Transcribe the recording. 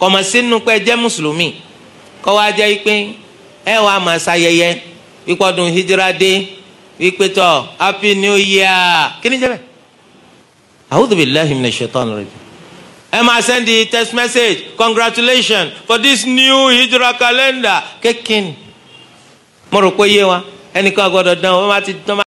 kọ̀mọ̀ sínú pé jẹ́ mùsùlùmí kọ́ wá jẹ́ pé ẹ wà á máa ṣayẹyẹ ìpọ́dún hijira dé wípé tọ́ happy new year kí ni jẹ́ bẹ́ẹ̀. a'udhu billahi minash shaitanir rajim. ẹ máa send text message congratulations for this new hijira calendar kékin mo rò pé yé wa ẹnìkan gbọ́dọ̀ dán o wọ́n máa ti dán.